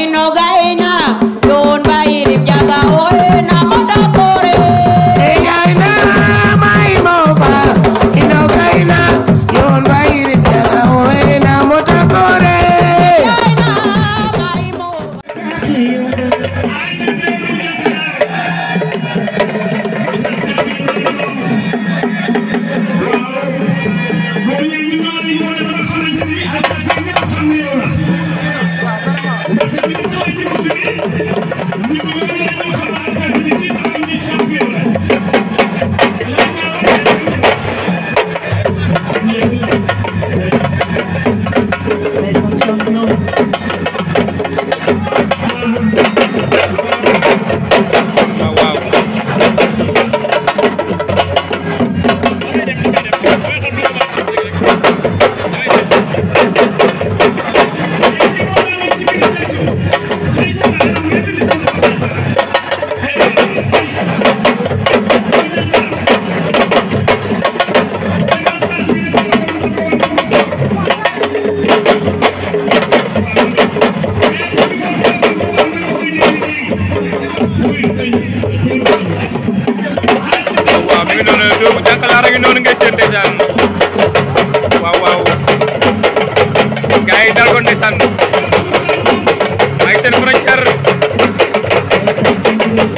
inoga ina yon ba irip jaga oe na mama doomu jànkalaar a ngi noonu ngay seen ndeysaan waaw waaw gars yi dal ko ndeysaan ay seen frontière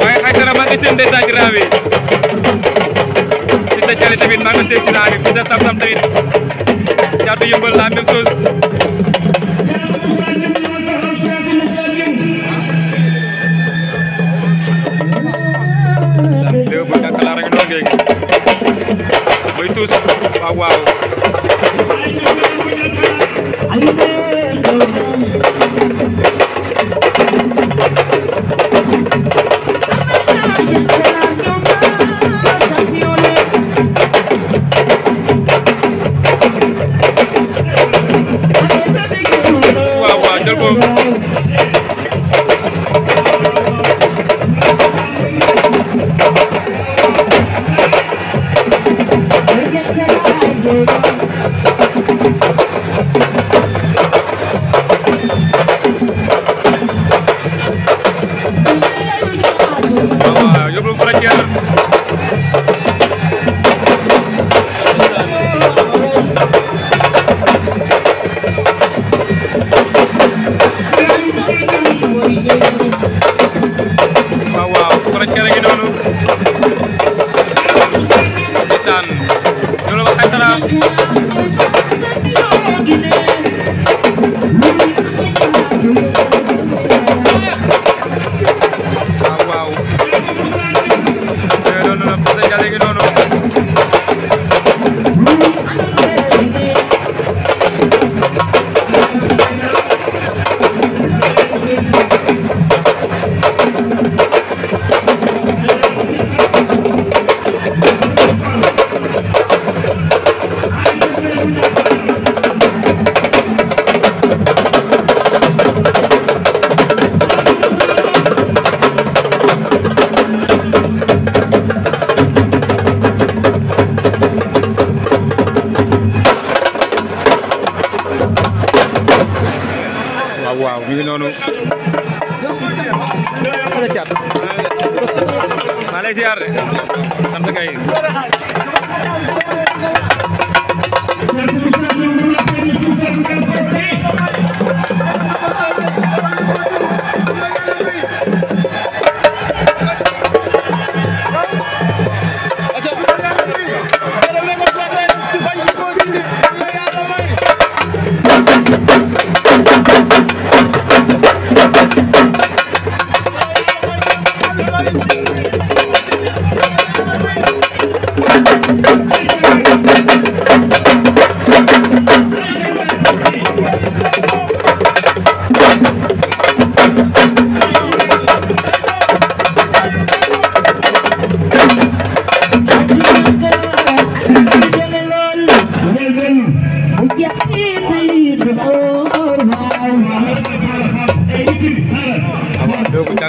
waaye ay sara maa ngi seen ndeysaan ci raawi fi sa jali tamit maa ngi seen ci raawi fi sam-sam tamit caatu yëmbal la même chose Bandiara waaw waaw Kouradière gi noonu ndeysaan loolu ba xasara waaw mi ngi noonu. maa lay ziar de sant kay.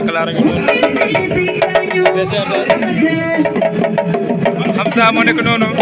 Clara ngi noonu DCRD Hamza moo nekk noonu